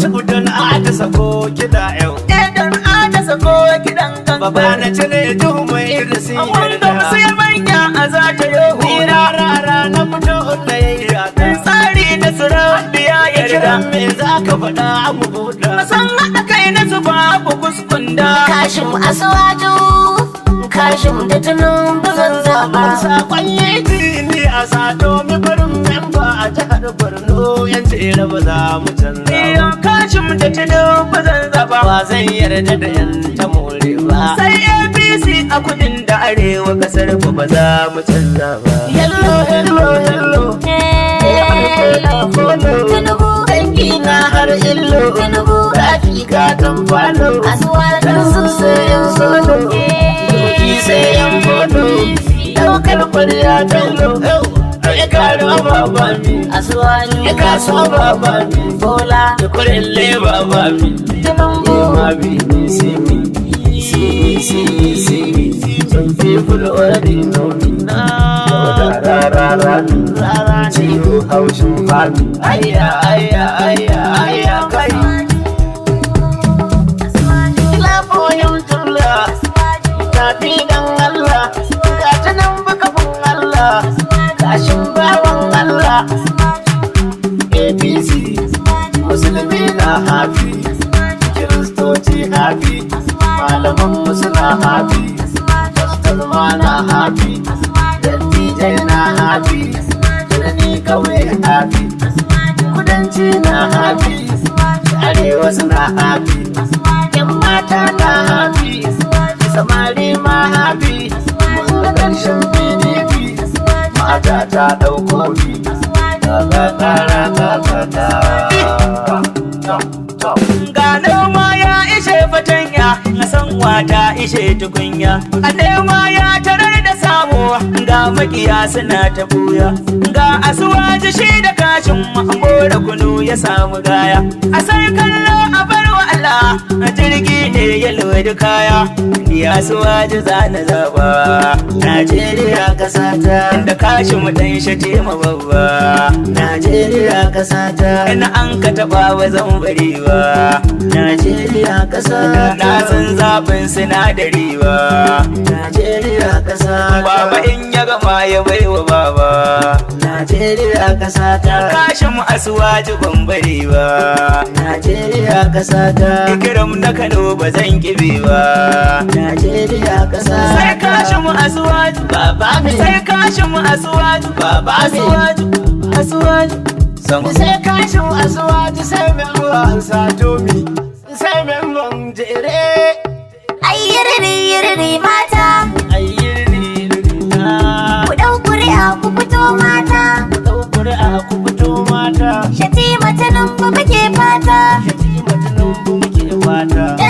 ci udun a ta sako kiɗa yau. Idan a ta sako kiɗan ganga. Baba na cire duhu mai irisi yarda. Wanda sai manya a za ta yi Ina Rara na fito na ya yi rata. Tsari da na surabiya ya kira. Me za ka faɗa a abu buɗa. San haɗa kai na su babu kuskunda. Kashin asuwaju. Kashin da tunun bazan zaɓa. Sakon yi tini a sa domin barin memba a jihar Borno yanzu. ira ba za mu canza ba. Iyo kashin da tudu ba zan zaba. Ba zan yarda da yan ta more ba. Sai APC a kudin da arewa kasar mu ba za mu canza ba. Yallo yallo yallo. Eh, eh, Tinubu dangi na har illo. Tinubu rafi ka kan kwano. Asuwa kan sun sayan solo. Doki sayan fono. Daukar kwarya kallo. baba mi asuwani ya kaso baba mi bola da kurelle baba mi tanan ma bi ni simi simi simi simi some people already know me Ciwo haushin fami, ayya, ayya, ayya, ayya, kai. happy kiristoci happy malaman suna happy pastor ma na happy dattijai na happy da ni kawai happy kudanci na happy arewa na happy yan mata na happy samari ma happy mun karshen pdp mata ta ɗauko bi ta ga ƙara ta yunwa ta ishe tukunya a nema ya tarar da sabo ga makiya suna ta buya ga asuwaji shi da kashin mahambo kunu ya samu gaya a sai kallo a barwa Allah a jirgi ne ya da kaya biya su waje zana zaba Najeriya kasata inda kashi mu dan shaje ma babba Najeriya kasata ina an ka taba ba zan bari ba Najeriya kasata na san zafin sinadari ba Najeriya kasata baba in ya gama ya baiwa baba Najeriya kasata kashi mu asuwaje ban bari ba Najeriya kasata ikiram na Kano ba zan kibe ba Najeriya kasa sai kashi mu asuwaju baba mi sai kashi mu asuwaju baba asuwaju asuwaju sai kashi mu asuwaju sai mai ruwan satomi sai mai ruwan jere ayyiriri yiriri mata ayyiriri yiriri ta ku dau kuri'a ku fito mata ku dau kuri'a ku fito mata shatima ta nan muke fata shatima ta nan muke fata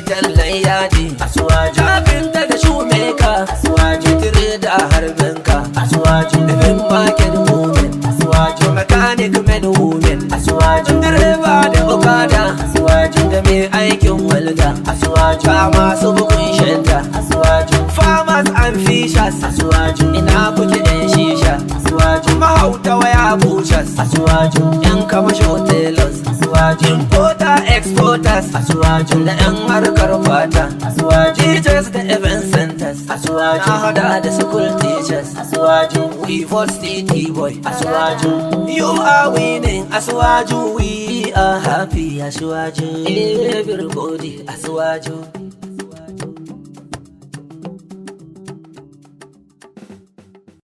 jan mai tallan yadi asuwaji kafinta da shumeka Asuwaju: tire da harbinka Asuwaju: nufin market woman Asuwaju: mechanic man woman asuwaji direba da okada Asuwaju: da mai aikin walda Asuwaju: ba masu bukun shanta Asuwaju: farmers and fishers Asuwaju: ina kuke yan shisha Asuwaju: mahauta waya buchas Asuwaju: yan kamashin hotelers Asuwaju: Exporters Asuwaju Da yan harkar fata Asuwaju Teachers da event centers Asuwaju Na hada da school teachers Asuwaju We vote city boy Asuwaju You are winning Asuwaju We are happy Asuwaju Everybody Asuwaju